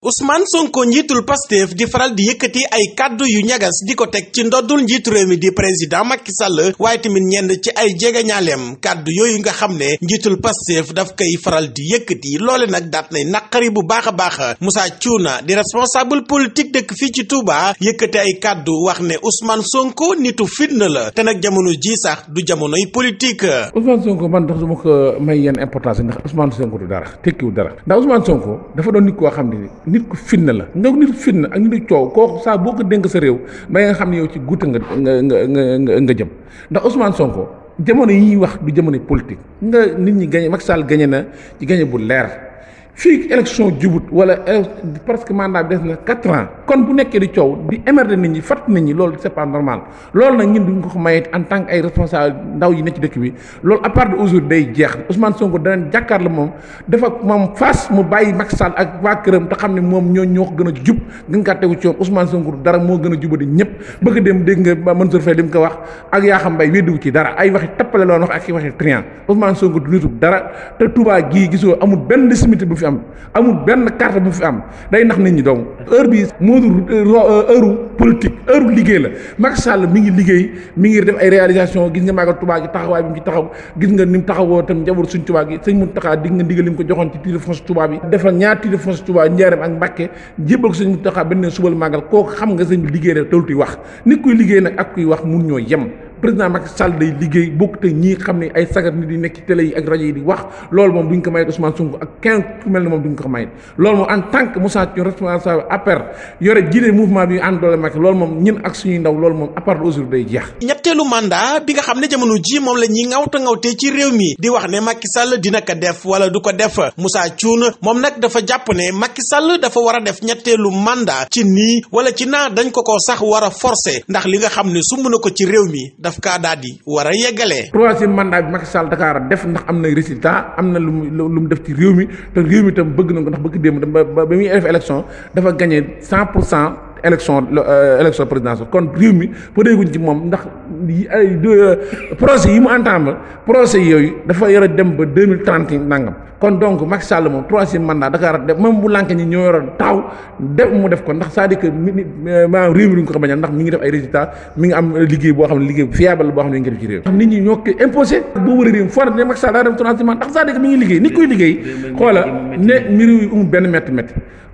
Ousmane Sonko njiitul Pastef di faral di yëkkati ay kàddu yu ñagas di ko teg ci ndoddul njiitu réew mi di président Macky Sall waaye tamit ñenn ci ay jegeñaaleem kàddu yooyu nga xam ne njiitul Pastef daf koy faral di yëkkati loole nag daat nay naqari bu baax a baax Moussa Thiouna di responsable politique dëkk fii ci Touba yëkkati ay kàddu wax ne Ousmane Sonko nitu fitna la te nag jamono ji sax du jamonoy politique. Ousmane Sonko man ndax du ma ko may yenn importance ndax Ousmane Sonko du dara tekkiwu dara ndax Ousmane dafa doon nit xam ne nit ku fitna la nga nit ku fitna ak nit ku coow kooku saa boo ko dénk sa réew may nga xam ne yow ci guuta nga nga nga nga jëm ndax Ousmane Sonko jamono yi ñuy wax du jamono politique nga nit ñi gañe Macky Sall gañe na ci gañe bu leer fii élection jubut wala eh, presque mandat bi des na quatre ans kon bu nekkee di coow di émerger nit ñi fat nit ñi loolu c'est pas normal loolu nag ñun duñ ko ko mayee en tant que ay responsable ndaw yi nekk ci dëkk bi loolu à part de aujourd'hui day jeex Ousmane Sonko danañ jàkkaar la moom dafa moom face mu bàyyi Macky ak waa këram te xam ne moom ñoo ñoo ko gën a jub gën kaa tegu ci yoon Ousmane Sonko dara moo gën a jubadi ñëpp bëgg dem dégg nga Mansour Faye li ko wax ak yaa xam mbay weddiwu ci dara ay waxi tappale loon wax ak i waxi trian Ousmane Sonko du nitu dara te Touba gii gisoo amul benn simité bu fi am amul benn carte bu fi am day nax nit ñi donc motul euh, heure politique liggéey la Macky Sall mi ngi liggéey mi ngi def ay réalisation gis nga Magal Touba gi taxawaay bi mu ci taxaw gis nga ni mu taxawoo tam njaboot suñ Touba gi sëñ Mountakha dig nga ndigal li mu ko joxoon ci titre foncier Touba bi defal ñaar titre foncier Touba Njaareem ak Mbàkke jébbal ko sëñ Mountakha benn subal Magal kooku xam nga sëñ bi liggéey rek toltu wax nit kuy liggéey nag ak kuy wax mun ñoo yem président Macky Sall day liggéey bokk te xam ne ay sagar nit di nekk ci télé yi ak rajo yi di wax loolu moom duñ ko mayet Ousmane Sonko ak kenn ku mel ne moom duñ ko mayet loolu moom en tant que Moussa Thion responsable APR yore jiite mouvement bi ànd doole Macky loolu moom ñun ak suñuy ndaw loolu moom APR aujourd'hui day jeex ñetteelu mandat bi nga xam ne jamono ji moom la ñuy ŋawta ŋawtee ci réew mi di wax ne Macky Sall dina ko def wala du ko def Moussa Thioune moom nag dafa jàpp ne Macky Sall dafa war a def ñetteelu mandat ci nii wala ci naa dañ ko ko sax war a forcer ndax li nga xam ne sumb na ko ci réew mi daf kaa daal di war a yeggalee. troisième mandat bi Macky Sall Dakar def ndax am na résultat am na lu mu lu mu def ci réew mi te réew mi tam bëgg na ko ndax bëgg démb ba ba muy def élection dafa gagné 100 pour cent élection euh, élection présidentielle kon réew mi përeeguñ ci moom ndax ay euh, procès yi mu entame procès yooyu dafa yore dem ba deux mille trente yi nangam kon donc Macky Sall moom troisième mandat da kaa def même bu lànk ñi ñoo yoroon taw def mu def ko ndax c'est-à-dire ni euh, maanaam réew ngi def ay am liggéey boo xam ne liggéey fiable la boo xam ne ngi def ci réew nit ñi ñoo ko imposé boo wër a réew foo na ne Macky Sall daa dem troisième mandat ndax c'est-à-dire ngi liggéey nit koy liggéey xoola ne mi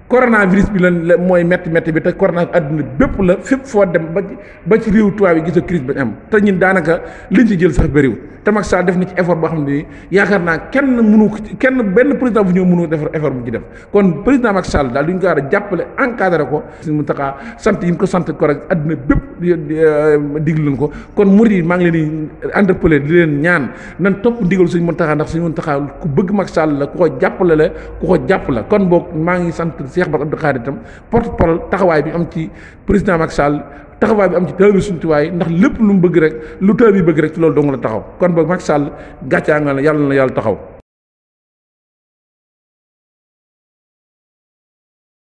coronavirus bi lan la mooy métti métti bi te corona àdduna bépp la fépp foo dem ba ci ba ci réew tubaab yi gis crise bañ am te ñun daanaka liñ ci jël sax bëriwul te Macky Sall def na ci effort boo xam ne yaakaar naa kenn mënu kenn benn président bu ñëw mënu defar effort bu ci def kon président Macky saal daal duñ ko war a jàppale encadré ko suñu taxaa sant yi mu ko sant ko rek àdduna bépp euh, diglu nañ ko kon murid yi maa ngi leen di interpellé di leen ñaan nan topp ndigal suñu Mountakha ndax suñu Mountakha ku bëgg Macky Sall la ko jàppale la ko jàpp kon boog maa ngi sant Cheikh Bara Abdou Khadre itam porte parole taxawaay bi am ci président Macky Sall taxawaay bi am ci taalibe Sëriñ Tuubaa ndax lépp lu mu bëgg rek lu taalibe yi bëgg rek ci loolu dong la taxaw kon boog Macky Sall gàccaa nga la yàlla na yàlla taxaw